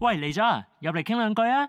喂，嚟咗啊，入嚟傾兩句啊！